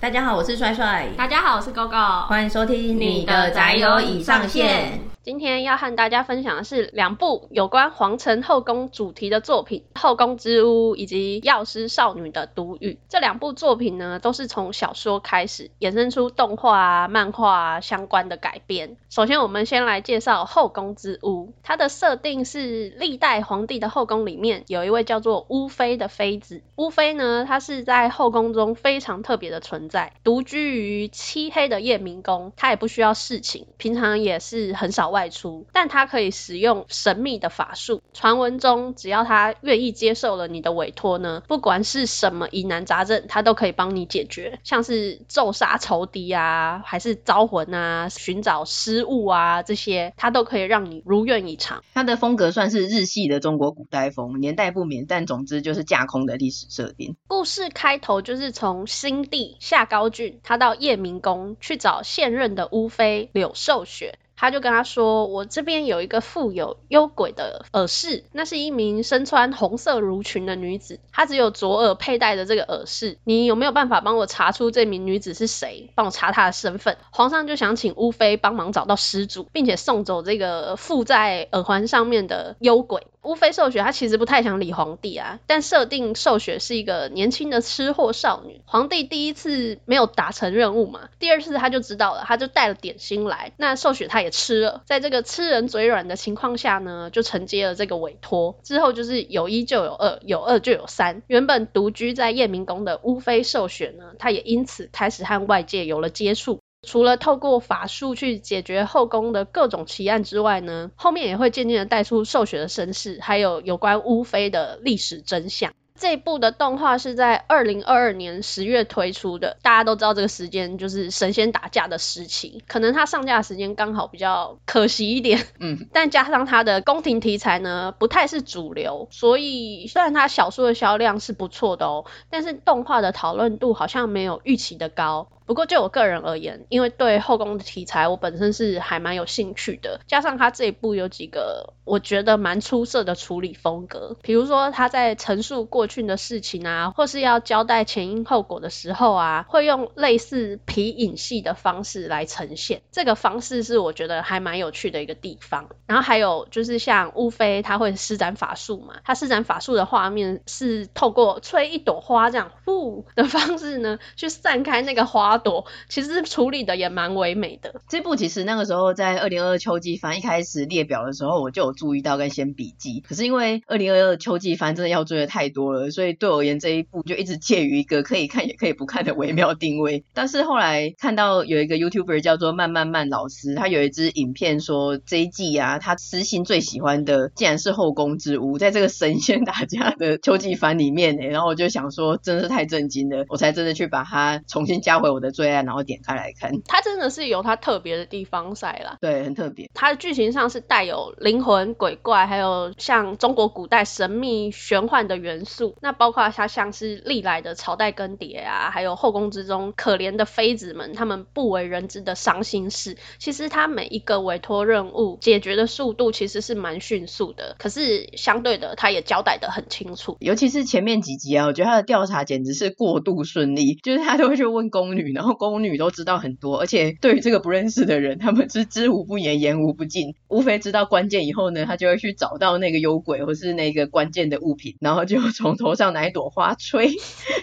大家好，我是帥帥。大家好，我是 Gogo。歡迎收聽你的宅友已上線。今天要和大家分享的是兩部有關皇城後宮主題的作品，《後宮之烏》以及《藥師少女的獨語》。這兩部作品呢，都是從小說開始，衍生出動畫、漫畫相關的改編。首先，我們先來介紹《後宮之烏》，它的設定是歷代皇帝的後宮裡面，有一位叫做烏妃的妃子。烏妃呢，她是在後宮中非常特別的存在，獨居於漆黑的夜明宮，她也不需要侍寢，平常也是很少外外出，但他可以使用神秘的法術。傳聞中，只要他願意接受了你的委託呢，不管是什麼疑難雜症，他都可以幫你解決，像是咒殺仇敵啊，還是招魂啊，尋找失物啊，這些他都可以讓你如願以償。他的風格算是日系的中國古代風，年代不明，但總之就是架空的歷史設定。故事開頭就是從新帝夏高峻，他到夜明宮去找現任的烏妃柳壽雪。他就跟他說：“我這邊有一個附有幽鬼的耳飾，那是一名身穿紅色襦裙的女子，她只有左耳佩戴着這個耳飾。你有沒有辦法幫我查出這名女子是誰？幫我查她的身份？皇上就想請烏妃幫忙找到失主，並且送走這個附在耳環上面的幽鬼。”烏妃壽雪，她其實不太想理皇帝啊，但設定壽雪是一個年輕的吃貨少女。皇帝第一次沒有達成任務嘛，第二次他就知道了，他就帶了點心來，那壽雪她也吃了，在這個吃人嘴軟的情況下呢，就承接了這個委託。之後就是有一就有二，有二就有三。原本獨居在夜明宮的烏妃壽雪呢，她也因此開始和外界有了接觸。除了透過法術去解決後宮的各種奇案之外呢，後面也會漸漸的帶出壽雪的身世，還有有關烏妃的歷史真相。這部的動畫是在二零二二年十月推出的，大家都知道這個時間就是神仙打架的時期，可能它上架的時間剛好比較可惜一點，嗯，但加上它的宮廷題材呢，不太是主流，所以雖然它小說的銷量是不錯的哦，但是動畫的討論度好像沒有預期的高。不過就我個人而言，因為對後宮的題材我本身是還蠻有興趣的，加上他這一部有幾個我覺得蠻出色的處理風格，比如說他在陳述過去的事情啊，或是要交代前因後果的時候啊，會用類似皮影戲的方式來呈現，這個方式是我覺得還蠻有趣的一個地方。然後還有就是像烏妃，他會施展法術嘛，他施展法術的畫面是透過吹一朵花這樣呼的方式呢，去散開那個花。多其實處理的也蠻唯美的。這部其實那個時候在二零二二秋季番一開始列表的時候，我就有注意到跟先筆記。可是因為二零二二秋季番真的要追的太多了，所以對我而言，這一部就一直介於一個可以看也可以不看的微妙定位。但是後來看到有一個 YouTuber 叫做慢慢慢老師，他有一支影片說這一季啊，他私心最喜歡的竟然是後宮之烏，在這個神仙打架的秋季番裡面呢、欸，然後我就想說，真的是太震驚了，我才真的去把它重新加回我的。最愛，然後點開來看，它真的是有它特別的地方在啦，對，很特別。它的劇情上是帶有靈魂、鬼怪，還有像中國古代神秘玄幻的元素。那包括它像是歷來的朝代更迭啊，還有後宮之中可憐的妃子們，他們不為人知的傷心事。其實它每一個委托任務解決的速度其實是蠻迅速的，可是相對的，它也交代得很清楚。尤其是前面幾集啊，我覺得他的調查簡直是過度順利，就是他都會去問宮女呢。然後宮女都知道很多，而且對於這個不認識的人，他們是知無不言，言無不盡。無非知道關鍵以後呢，他就會去找到那個幽鬼或是那個關鍵的物品，然後就從頭上拿一朵花吹，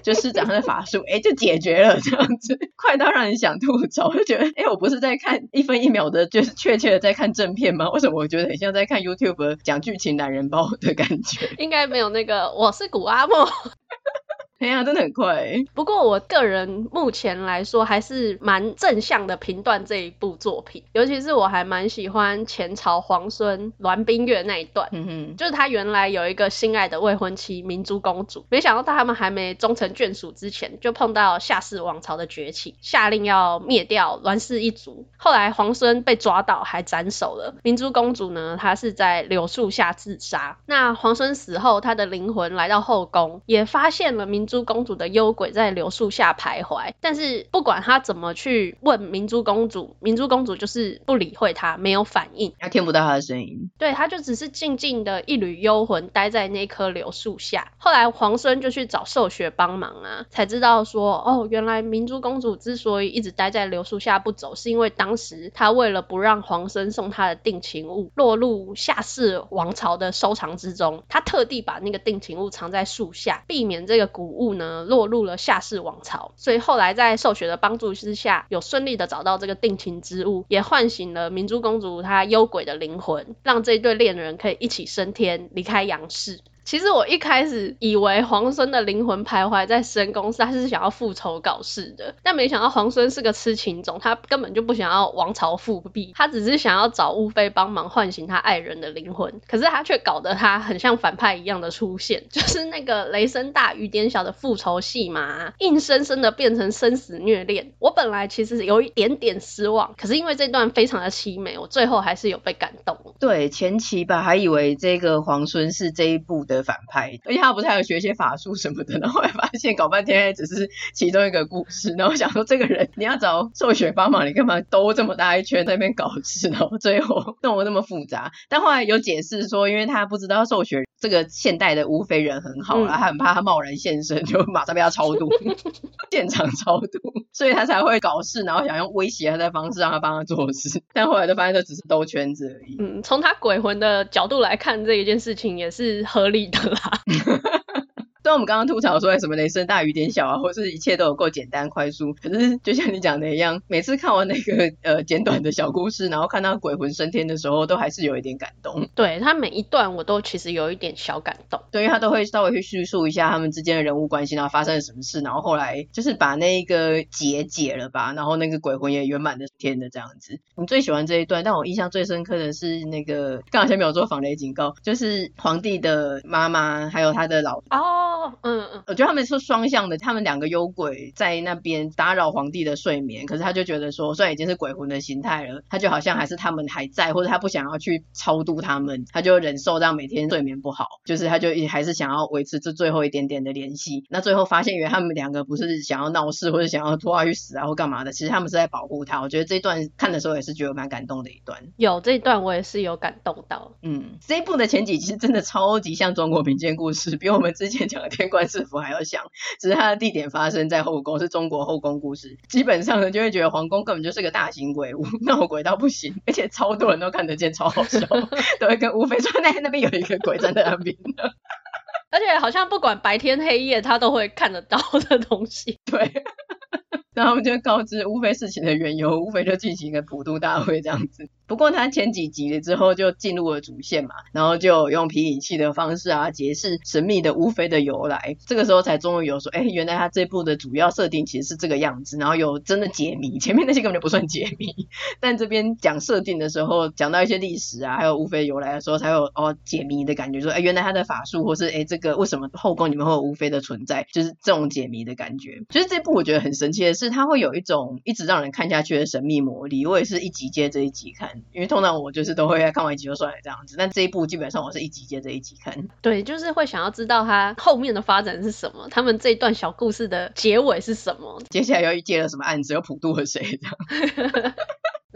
就施展他的法術，哎、 欸，就解決了這樣子，快到讓人想吐槽，就覺得哎、欸，我不是在看一分一秒的，就是確切的在看正片嗎？為什麼我覺得很像在看 YouTube 講劇情懶人包的感覺？應該沒有那個，我是古阿莫。 哎、欸啊，真的很快，欸，不過我個人目前來說還是蠻正向的評斷這一部作品，尤其是我還蠻喜歡前朝皇孫欒冰月那一段，嗯哼，就是他原來有一個心愛的未婚妻明珠公主，沒想到他們還沒終成眷屬之前，就碰到夏氏王朝的崛起，下令要滅掉欒氏一族。後來皇孫被抓到，還斬首了明珠公主呢。她是在柳樹下自殺。那皇孫死後，他的靈魂來到後宮，也發現了明珠。珠公主的幽鬼在柳樹下徘徊，但是不管他怎麼去問明珠公主，明珠公主就是不理會他，沒有反應，他聽不到他的聲音。對，他就只是靜靜的一縷幽魂待在那棵柳樹下。後來黃生就去找壽雪幫忙啊，才知道說哦，原來明珠公主之所以一直待在柳樹下不走，是因為當時她為了不讓黃生送她的定情物落入夏世王朝的收藏之中，她特地把那個定情物藏在樹下，避免這個古物呢，落入了夏氏王朝，所以後來在壽雪的幫助之下，有順利的找到這個定情之物，也喚醒了明珠公主她幽鬼的靈魂，讓這對戀人可以一起升天，離開陽世。其實我一開始以為皇孫的靈魂徘徊在深宮，他是想要復仇搞事的，但沒想到皇孫是個痴情種，他根本就不想要王朝復辟，他只是想要找烏妃幫忙喚醒他愛人的靈魂。可是他卻搞得他很像反派一樣的出現，就是那個雷聲大雨點小的復仇戲嘛，硬生生的變成生死虐戀。我本來其實有一點點失望，可是因為這段非常的淒美，我最後還是有被感動。對，前期吧，還以為這個皇孫是這一部的。的反派，而且他不是還有學一些法術什麼的，然後後來發現搞半天還只是其中一個故事，然後想說這個人你要找壽雪幫忙，你幹嘛兜這麼大一圈在那邊搞事，然後最後弄得那麼複雜。但後來有解釋說，因為他不知道壽雪。這個現代的烏妃人很好，嗯、他很怕他貿然現身，就馬上被他超度， 現場超度，所以他才會搞事，然後想用威脅他的方式讓他幫他做事。但後來就發現，這只是兜圈子而已。嗯，從他鬼魂的角度來看這一件事情也是合理的啦。 雖然我們剛剛吐槽說、哎、什麼雷聲大雨點小啊，或是一切都有夠簡單快速，可是就像你講的一樣，每次看完那個呃簡短的小故事，然後看到鬼魂升天的時候，都還是有一點感動。對，他每一段我都其實有一點小感動，對，因為他都會稍微去敘述一下他們之間的人物關係，然後發生了什麼事，然後後來就是把那一個結解,解了吧，然後那個鬼魂也圓滿的天的這樣子。我最喜歡這一段，但我印象最深刻的是那個，剛好像沒有做防雷警告，就是皇帝的媽媽還有他的老哦。Oh. 嗯嗯，我覺得他們是雙向的，他們兩個幽鬼在那邊打擾皇帝的睡眠，可是他就覺得說，雖然已經是鬼魂的形態了，他就好像還是他們還在，或者他不想要去超度他們，他就忍受到每天睡眠不好，就是他就還是想要維持這最後一點點的聯繫。那最後發現，原來他們兩個不是想要鬧事，或者想要拖他去死啊，或幹嘛的，其實他們是在保護他。我覺得這一段看的時候也是覺得蠻感動的一段。有，這一段我也是有感動到。嗯，這一部的前幾集真的超級像中國民間故事，比我們之前講的。天官賜福還要想，只是它的地點發生在後宮，是中國後宮故事。基本上呢，就會覺得皇宮根本就是個大型鬼屋，鬧鬼到不行，而且超多人都看得見，超好笑。 都會跟烏妃說，那那邊有一個鬼站在那邊， 而且好像不管白天黑夜，他都會看得到的東西。對， 然後我們就告知烏妃事情的緣由，烏妃就進行一個普渡大會這樣子。不過他前幾集了之後就進入了主線嘛，然後就用皮影戲的方式啊解釋神秘的烏妃的由來，這個時候才終於有說，哎、欸，原來他這部的主要設定其實是這個樣子，然後有真的解謎，前面那些根本就不算解謎。但這邊講設定的時候，講到一些歷史啊，還有烏妃由來的時候，才有哦解謎的感覺說，說、欸、哎原來他的法術，或是哎、欸、這個為什麼後宮裡面會有烏妃的存在，就是這種解謎的感覺。其、就、實、是、這部我覺得很神奇的是，他會有一種一直讓人看下去的神秘魔力，我也是一集接著一集看，因為通常我就是都會看完一集就算了這樣子，但這一部基本上我是一集接着一集看。對，就是會想要知道他後面的發展是什麼，他們這一段小故事的結尾是什麼，接下來又接了什麼案子，又普渡了誰這樣。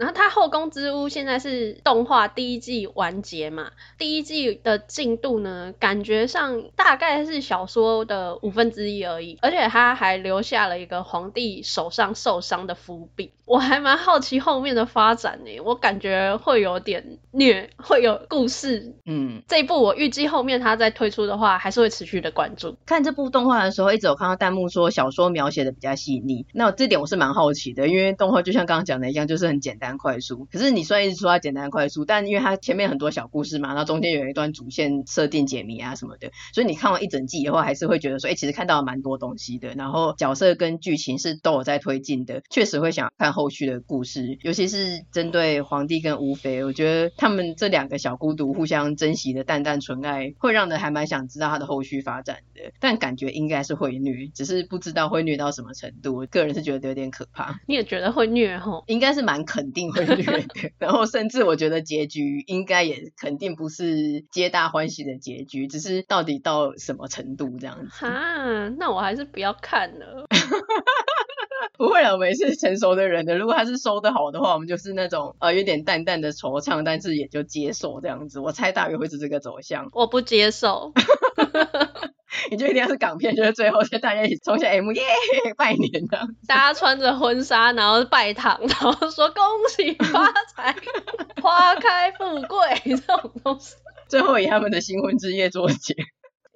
然後他《後宮之烏》現在是動畫第一季完結嘛？第一季的進度呢？感覺上大概是小說的五分之一而已，而且他還留下了一個皇帝手上受傷的伏筆。我還蠻好奇後面的發展呢，我感覺會有點虐，會有故事。嗯，這一部我預計後面它再推出的話，還是會持續的關注。看這部動畫的時候，一直有看到彈幕說小說描寫的比較細膩，那這點我是蠻好奇的，因為動畫就像剛剛講的一樣，就是很簡單快速。可是你雖然一直說它簡單快速，但因為它前面很多小故事嘛，然後中間有一段主線設定解謎啊什麼的，所以你看完一整季以後，還是會覺得說，哎、欸，其實看到蠻多東西的。然後角色跟劇情是都有在推進的，確實會想看後。後續的故事，尤其是針對皇帝跟烏妃，我覺得他們這兩個小孤獨互相珍惜的淡淡純愛，會讓人還蠻想知道他的後續發展的。但感覺應該是會虐，只是不知道會虐到什麼程度。我個人是覺得有點可怕，你也覺得會虐吼、哦？應該是蠻肯定會虐的。 然後甚至我覺得結局應該也肯定不是皆大歡喜的結局，只是到底到什麼程度這樣子？哈，那我還是不要看了。 不會了，我們也是成熟的人的。如果他是收得好的話，我們就是那種呃有點淡淡的惆悵，但是也就接受這樣子。我猜大約會是這個走向。我不接受， 你就一定要是港片，就是最後，就大家一起衝下 M 耶、yeah! 拜年這樣。大家穿着婚紗，然後拜堂，然後說恭喜發財， 花開富貴 這種東西，最後以他們的新婚之夜做結。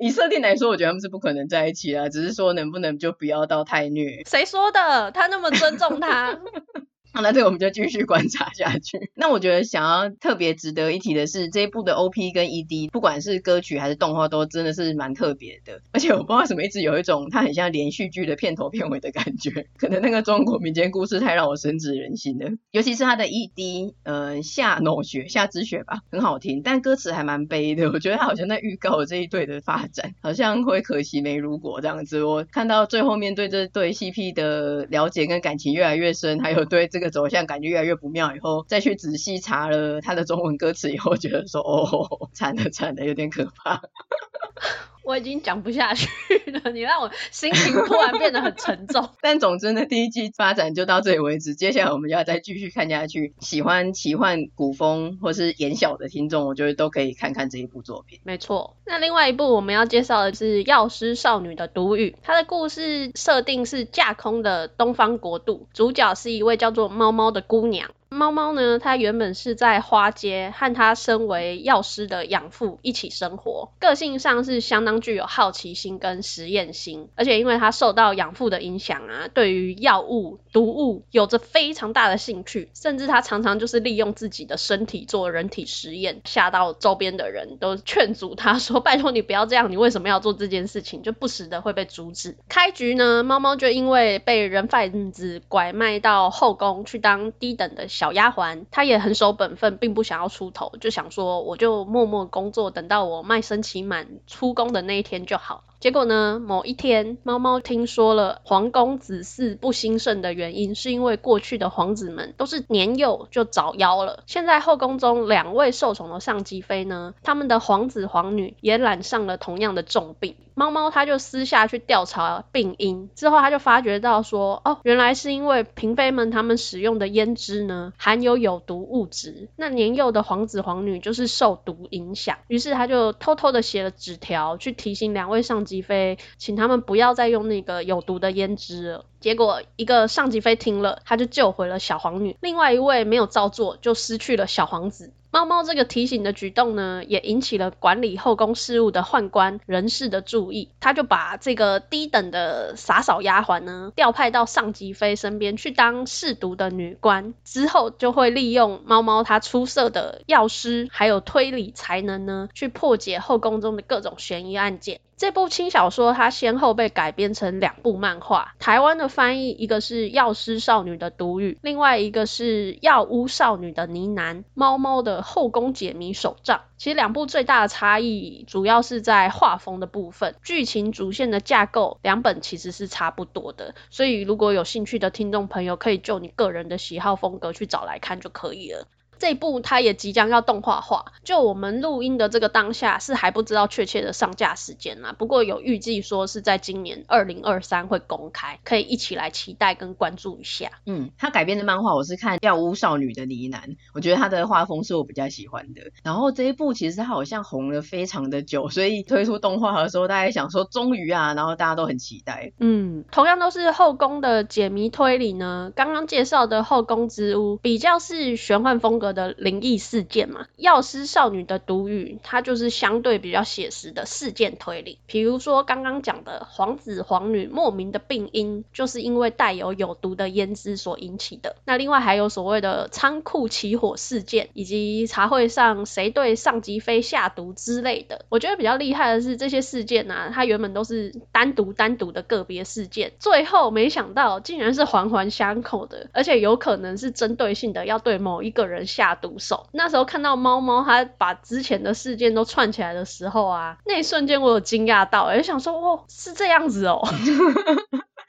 以設定來說，我覺得他們是不可能在一起的，啊，只是說能不能就不要到太虐。誰說的？他那麼尊重他。 啊、那這個我們就繼續觀察下去。 那我覺得想要特別值得一提的是這一部的 OP 跟 ED，不管是歌曲還是動畫，都真的是蠻特別的。而且我不知道為什麼一直有一種它很像連續劇的片頭片尾的感覺。 可能那個中國民間故事太讓我深植人心了。 尤其是它的 ED，嗯、呃，夏諾、no、雪，夏之雪吧，很好聽，但歌詞還蠻悲的。我覺得它好像在預告我這一對的發展，好像會可惜沒如果這樣子。我看到最後面對這對 CP 的了解跟感情越來越深，還有對這個。走向感覺越來越不妙，以後再去仔細查了他的中文歌詞以後，覺得說哦，慘了慘了，有點可怕。 我已經講不下去了，你讓我心情突然變得很沉重。 但總之呢，第一季發展就到這裡為止。接下來我們就要再繼續看下去。喜歡奇幻、古風或是言小的聽眾，我覺得都可以看看這一部作品。沒錯，那另外一部我們要介紹的是《藥師少女的獨語》，它的故事設定是架空的東方國度，主角是一位叫做貓貓的姑娘。貓貓呢，她原本是在花街和她身為藥師的養父一起生活，個性上是相當具有好奇心跟實驗心，而且因為她受到養父的影響啊，對於藥物、毒物有着非常大的興趣，甚至她常常就是利用自己的身體做人體實驗，嚇到周邊的人都勸阻她說：“拜托你不要這樣，你為什麼要做這件事情？”就不時的會被阻止。開局呢，貓貓就因為被人販子拐賣到後宮去當低等的小。小丫鬟，她也很守本分，並不想要出頭，就想說，我就默默工作，等到我賣身期滿出宮的那一天就好了。結果呢？某一天，貓貓聽說了皇宮子嗣不興盛的原因，是因為過去的皇子們都是年幼就早夭了。現在後宮中兩位受寵的上級妃呢，他們的皇子皇女也染上了同樣的重病。貓貓他就私下去調查病因，之後他就發覺到說，哦，原來是因為嬪妃們他們使用的胭脂呢，含有有毒物質，那年幼的皇子皇女就是受毒影響。於是他就偷偷的寫了紙條去提醒兩位上級。上級妃，請他們不要再用那個有毒的胭脂了。結果一個上級妃聽了，他就救回了小皇女；另外一位沒有照做，就失去了小皇子。貓貓這個提醒的舉動呢，也引起了管理後宮事務的宦官人士的注意。他就把這個低等的灑掃丫鬟呢，調派到上級妃身邊去當試毒的女官。之後就會利用貓貓她出色的藥師還有推理才能呢，去破解後宮中的各種懸疑案件。這部輕小說它先後被改編成兩部漫畫，台灣的翻譯一個是《藥師少女的獨語》，另外一個是《藥屋少女的呢喃》《貓貓的後宮解謎手賬》。其實兩部最大的差異主要是在畫風的部分，劇情主線的架構兩本其實是差不多的。所以如果有興趣的聽眾朋友，可以就你個人的喜好風格去找來看就可以了。這一部它也即將要動畫化，就我們錄音的這個當下是還不知道確切的上架時間啦、啊。不過有預計說是在今年二零二三會公開，可以一起來期待跟關注一下。嗯，他改編的漫畫我是看《藥屋少女的呢喃》，我覺得他的畫風是我比較喜歡的。然後這一部其實他好像紅了非常的久，所以推出動畫的時候，大家想說終於啊，然後大家都很期待。嗯，同樣都是後宮的解謎推理呢，剛剛介紹的《後宮之烏》比較是玄幻風格的的靈異事件嘛，藥師少女的獨語，它就是相對比較寫實的事件推理。比如說剛剛講的皇子皇女莫名的病因，就是因為帶有有毒的胭脂所引起的。那另外還有所謂的倉庫起火事件，以及茶會上誰對上級妃下毒之類的。我覺得比較厲害的是這些事件啊，它原本都是單獨單獨的個別事件，最後沒想到竟然是環環相扣的，而且有可能是針對性的要對某一個人。下毒手。那時候看到貓貓，它把之前的事件都串起來的時候啊，那一瞬間我有驚訝到，就、欸、想說：“哦，是這樣子哦。 ”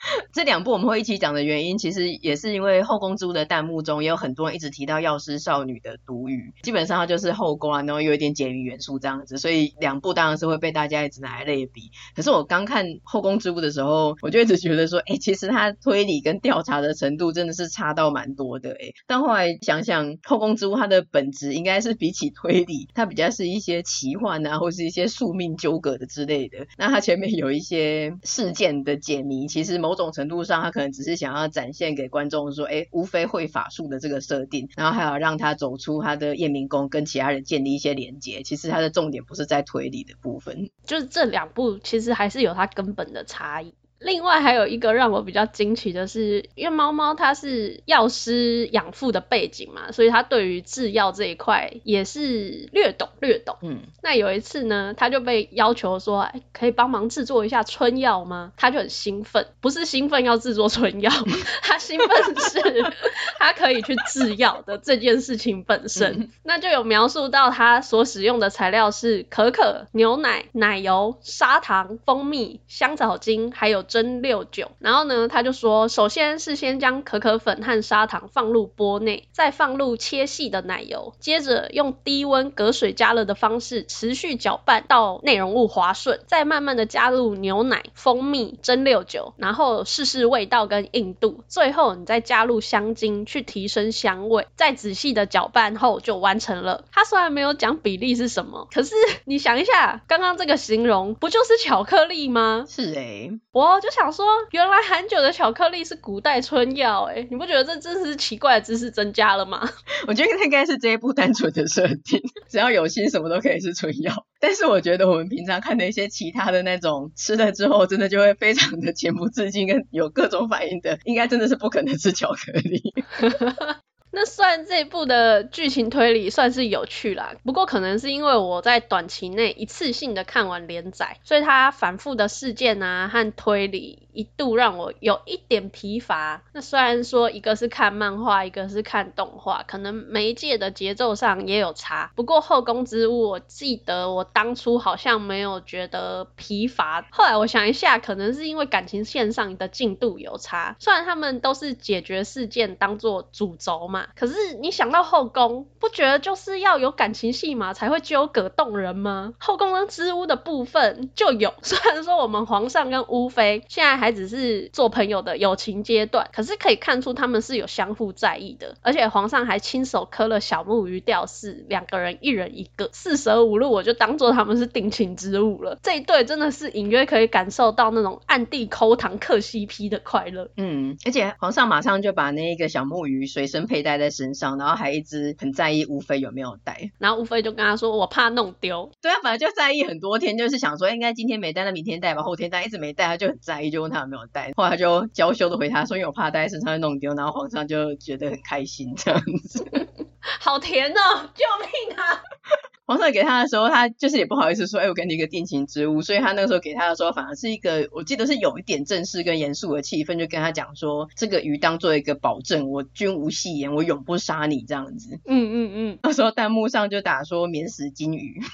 這兩部我們會一起講的原因，其實也是因為《後宮之烏》的彈幕中也有很多人一直提到《藥師少女》的獨語，基本上就是後宮啊，然後又有一點解謎元素這樣子，所以兩部當然是會被大家一直拿來類比。可是我剛看《後宮之烏》的時候，我就一直覺得說，哎，其實它推理跟調查的程度真的是差到蠻多的，哎。但後來想想，《後宮之烏》它的本質應該是比起推理，它比較是一些奇幻啊，或是一些宿命糾葛的之類的。那它前面有一些事件的解謎，其實某。某種程度上，他可能只是想要展現給觀眾說，哎、欸，烏妃會法術的這個設定，然後還有讓他走出他的夜明宮，跟其他人建立一些連接。其實他的重點不是在推理的部分，就是這兩部其實還是有它根本的差異。另外還有一個讓我比較驚奇的是，因為貓貓他是藥師養父的背景嘛，所以他對於制藥這一塊也是略懂略懂。嗯，那有一次呢，他就被要求說：“哎、欸，可以幫忙制作一下春藥嗎？”他就很興奮，不是興奮要制作春藥， 他興奮是他可以去制藥的這件事情本身、嗯。那就有描述到他所使用的材料是可可、牛奶、奶油、砂糖、蜂蜜、香草精，還有。蒸餾酒，然後呢，他就說，首先是先將可可粉和砂糖放入鍋內，再放入切細的奶油，接着用低溫隔水加熱的方式，持續攪拌到內容物滑順，再慢慢的加入牛奶、蜂蜜、蒸餾酒，然後試試味道跟硬度，最後你再加入香精去提升香味，再仔細的攪拌後就完成了。他雖然沒有講比例是什麼，可是你想一下，剛剛這個形容不就是巧克力嗎？是誒、哇我就想說，原來含酒的巧克力是古代春藥哎、欸！你不覺得這真是奇怪的知識增加了嗎？我覺得應該是這一部單純的設定，只要有心，什麼都可以是春藥。但是我覺得我們平常看的一些其他的那種吃了之後，真的就會非常的情不自禁，跟有各種反應的，應該真的是不可能吃巧克力。 那雖然這一部的劇情推理算是有趣啦，不過可能是因為我在短期內一次性的看完連載，所以它反覆的事件啊和推理。一度讓我有一點疲乏。那雖然說一個是看漫畫，一個是看動畫，可能媒介的節奏上也有差。不過後宮之烏，我記得我當初好像沒有覺得疲乏。後來我想一下，可能是因為感情線上的進度有差。雖然他們都是解決事件當做主軸嘛，可是你想到後宮，不覺得就是要有感情戲嘛，才會糾葛動人嗎？後宮之烏的部分就有，雖然說我們皇上跟烏妃現在還。還只是做朋友的友情階段，可是可以看出他們是有相互在意的，而且皇上還親手刻了小木魚吊飾，兩個人一人一個，四捨五入我就當做他們是定情之物了。這一對真的是隱約可以感受到那種暗地摳糖嗑 CP 的快樂。嗯，而且皇上馬上就把那個小木魚隨身佩戴在身上，然後還一直很在意烏妃有沒有戴，然後烏妃就跟他說，我怕弄丟。對啊，本來就在意很多天，就是想說，欸，應該今天沒戴，那明天戴吧，後，後天戴，一直沒戴，他就很在意，就問他。他沒有帶，後來就嬌羞的回他說：“因為我怕他帶在身上會弄丟。”然後皇上就覺得很開心，這樣子，好甜哦、喔！救命啊！皇上給他的時候，他就是也不好意思說，哎、欸，我給你一個定情之物。所以他那個時候給他的時候，反而是一個，我記得是有一點正式跟嚴肅的氣氛，就跟他講說，這個魚當做一個保證，我君無戲言，我永不殺你這樣子。嗯嗯嗯。那時候彈幕上就打說，免死金魚，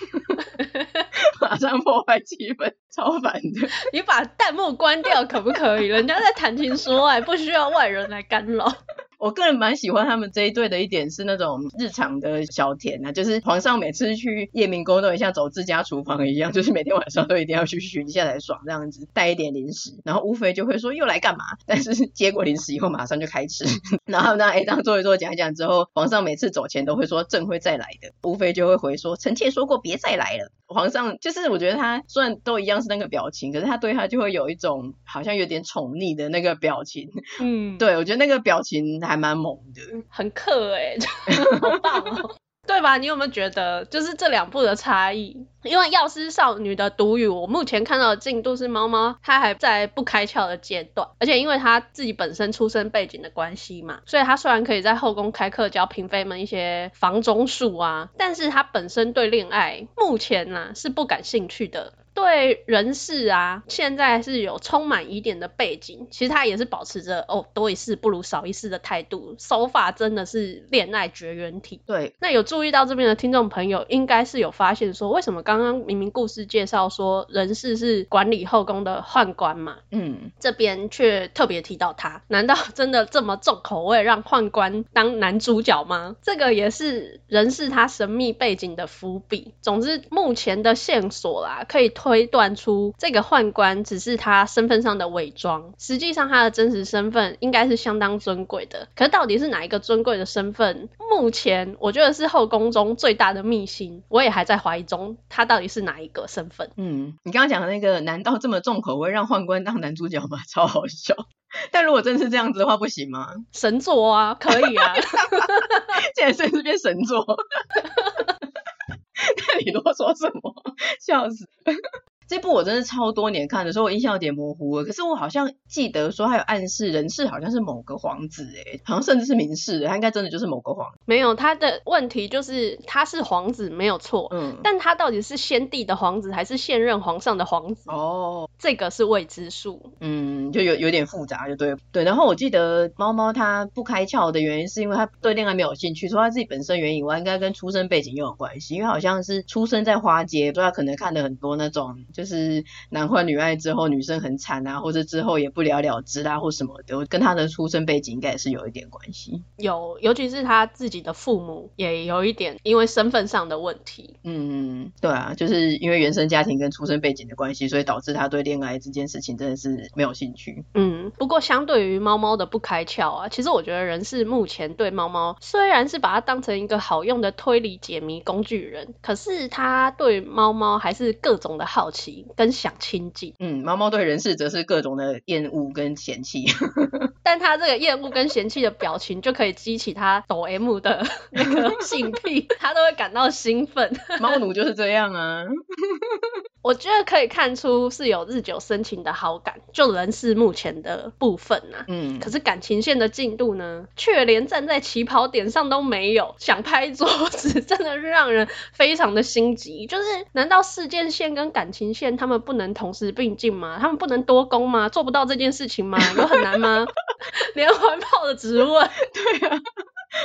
馬上破壞氣氛，超煩的。 你把彈幕關掉可不可以？ 人家在談情說愛，不需要外人來干擾。我個人蠻喜歡他們這一對的一點是那種日常的小甜啊，就是皇上每次去夜明宮都很像走自家廚房一樣，就是每天晚上都一定要去巡下來爽這樣子，帶一點零食，然後烏妃就會說，又來幹嘛？但是接過零食以後馬上就開吃，然後呢，欸當坐一坐，講一講之後，皇上每次走前都會說，朕會再來的，烏妃就會回說，臣妾說過別再來了。皇上就是我覺得他雖然都一樣是那個表情，可是他對他就會有一種好像有點寵溺的那個表情，嗯，對，我覺得那個表情。還蠻猛的，很克哎、欸，好棒喔， 對吧？你有沒有覺得，就是這兩部的差異？因為《藥師少女》的獨語我目前看到的進度是貓貓她還在不開竅的階段，而且因為她自己本身出身背景的關係嘛，所以她雖然可以在後宮開課教嬪妃們一些房中術啊，但是她本身對戀愛目前啊是不感興趣的。對壬氏啊，現在是有充滿疑點的背景，其實他也是保持着哦多一事不如少一事的態度，手、so、法真的是戀愛絕緣體。對，那有注意到這邊的聽眾朋友，應該是有發現說，為什麼剛剛明明故事介紹說壬氏是管理後宮的宦官嘛，嗯，這邊卻特別提到他，難道真的這麼重口味，讓宦官當男主角嗎？這個也是壬氏他神秘背景的伏筆。總之，目前的線索啦、啊，可以推。推斷出這個宦官，只是他身份上的偽裝，實際上他的真實身份應該是相當尊貴的。可是到底是哪一個尊貴的身份？目前我覺得是後宮中最大的秘辛，我也還在懷疑中，他到底是哪一個身份？嗯，你剛剛講的那個難道這麼重口味讓宦官當男主角嗎？超好笑！但如果真是這樣子的話，不行嗎？神作啊，可以啊，現在是變神作。 那 你多說什麼，笑，笑死！這部我真的超多年看的，所以我印象有點模糊了。可是我好像記得說，還有暗示壬氏好像是某個皇子，哎，好像甚至是明示的，他應該真的就是某個皇子。沒有他的問題就是他是皇子沒有錯，嗯，但他到底是先帝的皇子還是現任皇上的皇子？哦，這個是未知數。嗯，就有有點複雜，就對對。然後我記得貓貓它不開竅的原因是因為它對戀愛沒有興趣，除了它自己本身原因，以外應該跟出生背景又有關係，因為好像是出生在花街，不知道可能看的很多那種。就是男歡女愛之後，女生很慘啊，或者之後也不了了之啊，或什麼的，跟他的出生背景應該也是有一點關係。有，尤其是他自己的父母也有一點，因為身份上的問題。嗯，對啊，就是因為原生家庭跟出生背景的關係，所以導致他對戀愛這件事情真的是沒有興趣。嗯，不過相對於貓貓的不開竅啊，其實我覺得壬氏目前對貓貓雖然是把它當成一個好用的推理解謎工具人，可是他對貓貓還是各種的好奇。跟想親近，嗯，貓貓對壬氏則是各種的厭惡跟嫌棄， 但他這個厭惡跟嫌棄的表情就可以激起他抖 M 的那個性癖，他都會感到興奮。貓 奴就是這樣啊， 我覺得可以看出是有日久生情的好感，就壬氏目前的部分吶、啊，嗯，可是感情線的進度呢，卻連站在起跑點上都沒有，想拍桌子，真的讓人非常的心急。就是難道事件線跟感情線他們不能同時並進嗎？他們不能多工嗎？做不到這件事情嗎？有很難嗎？ 連環炮的質問， 對啊，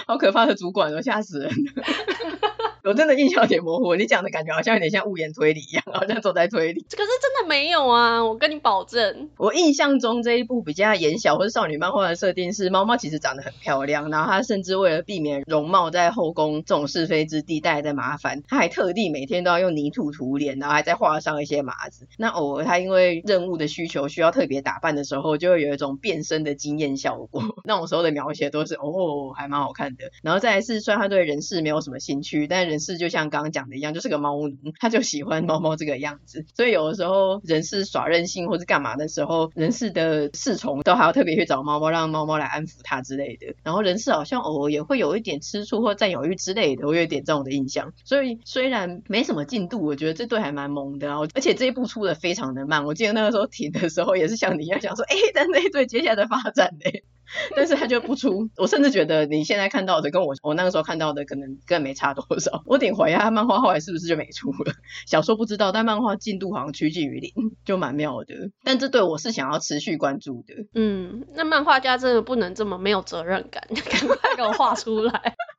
好可怕的主管，我嚇死人。 我真的印象有點模糊，你講的感覺好像有點像物言推理一樣，好像走在推理。可是真的沒有啊，我跟你保證。我印象中這一部比較言小或者少女漫畫的設定是，貓貓其實長得很漂亮，然後她甚至為了避免容貌在後宮這種是非之地帶來的麻煩，她還特地每天都要用泥土塗臉，然後還在畫上一些麻子。那偶爾她因為任務的需求需要特別打扮的時候，就會有一種變身的驚豔效果。那種時候的描寫都是哦，哦，還蠻好看的。然後再來是，雖然她對人事沒有什麼興趣，但人。壬氏就像剛剛講的一樣，就是個貓奴，他就喜歡貓貓這個樣子，所以有的時候壬氏耍任性或者幹嘛的時候，壬氏的侍從都還要特別去找貓貓，讓貓貓來安撫他之類的。然後壬氏好像偶爾也會有一點吃醋或占有欲之類的，我有一點這種的印象。所以雖然沒什麼進度，我覺得這對還蠻萌的。啊，而且這一部出的非常的慢。我記得那個時候停的時候，也是像你一樣講說，哎，但那對接下來的發展呢，欸？ 但是他就不出，我甚至覺得你現在看到的跟我我那個時候看到的可能更沒差多少。我挺懷疑他漫畫後來是不是就沒出了，小說不知道，但漫畫進度好像趨近於零，就蠻妙的。但這對我是想要持續關注的。嗯，那漫畫家真的不能這麼沒有責任感，趕 快給我畫出來！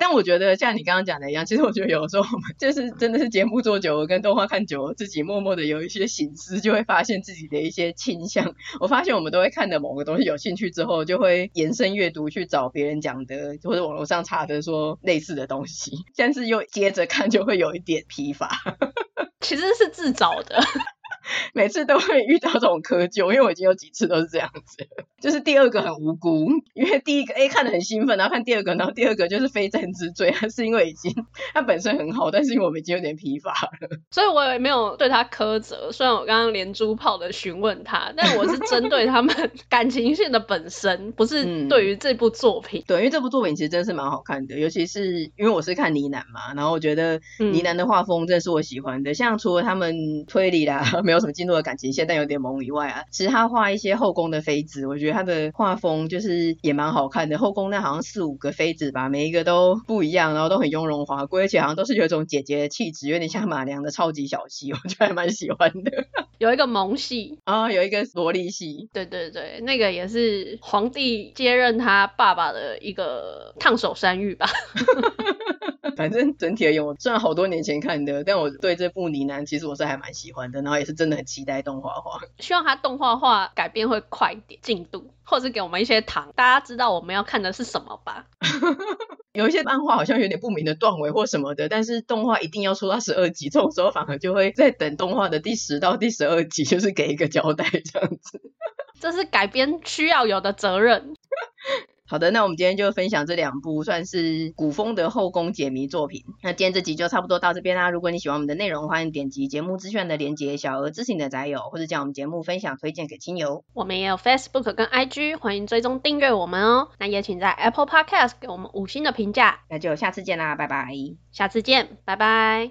但我覺得像你剛剛講的一樣，其實我覺得有時候我們就是真的是節目做久了，跟動畫看久了，自己默默的有一些省思，就會發現自己的一些傾向。我發現我們都會看的某個東西有興趣之後，就會延伸閱讀去找別人講的或者網絡上查的說類似的東西，但是又接着看就會有一點疲乏，哈哈哈，其實是自找的。每次都會遇到這種苛求，因為我已經有幾次都是這樣子，就是第二個很無辜，因為第一個哎看得很興奮，然後看第二個，然後第二個就是非戰之罪，是因為已經他本身很好，但是因為我們已經有點疲乏了，所以我也沒有對他苛責。雖然我剛剛連珠炮的詢問他，但我是針對他們感情線的本身， 不是對於這部作品、嗯。對，因為這部作品其實真的是蠻好看的，尤其是因為我是看呢喃嘛，然後我覺得呢喃的畫風真的是我喜歡的、嗯，像除了他們推理啦，有什麼進入了感情線，但有點萌以外啊，其實他畫一些後宮的妃子，我覺得他的畫風就是也蠻好看的。後宮那好像四五個妃子吧，每一個都不一樣，然後都很雍容華貴，而且好像都是有一種姐姐的氣質，有點像馬良的超級小戲，我覺得還蠻喜歡的。有一個萌戲，啊、哦，有一個蘿莉戲。對對對，那個也是皇帝接任他爸爸的一個燙手山芋吧。 反正整體而言，我雖然好多年前看的，但我對這部呢喃其實我是還蠻喜歡的，然後也是真。很期待動畫化，希望它動畫化改編會快一點進度，或者給我們一些糖。大家知道我們要看的是什麼吧？ 有一些漫畫好像有點不明的斷尾或什麼的，但是動畫一定要出到十二集，這種時候反而就會在等動畫的第十到第十二集，就是給一個交代這樣子。這是改編需要有的責任。 好的，那我們今天就分享這兩部算是古風的後宮解謎作品。那今天這集就差不多到這邊啦。如果你喜歡我們的內容，歡迎點擊節目資訊的鏈接、小額支持你的宅友，或者將我們節目分享推薦給親友。我們也有 Facebook 跟 IG，歡迎追蹤訂閱我們哦。那也請在 Apple Podcast 給我們五星的評價。那就下次見啦，拜拜。下次見，拜拜。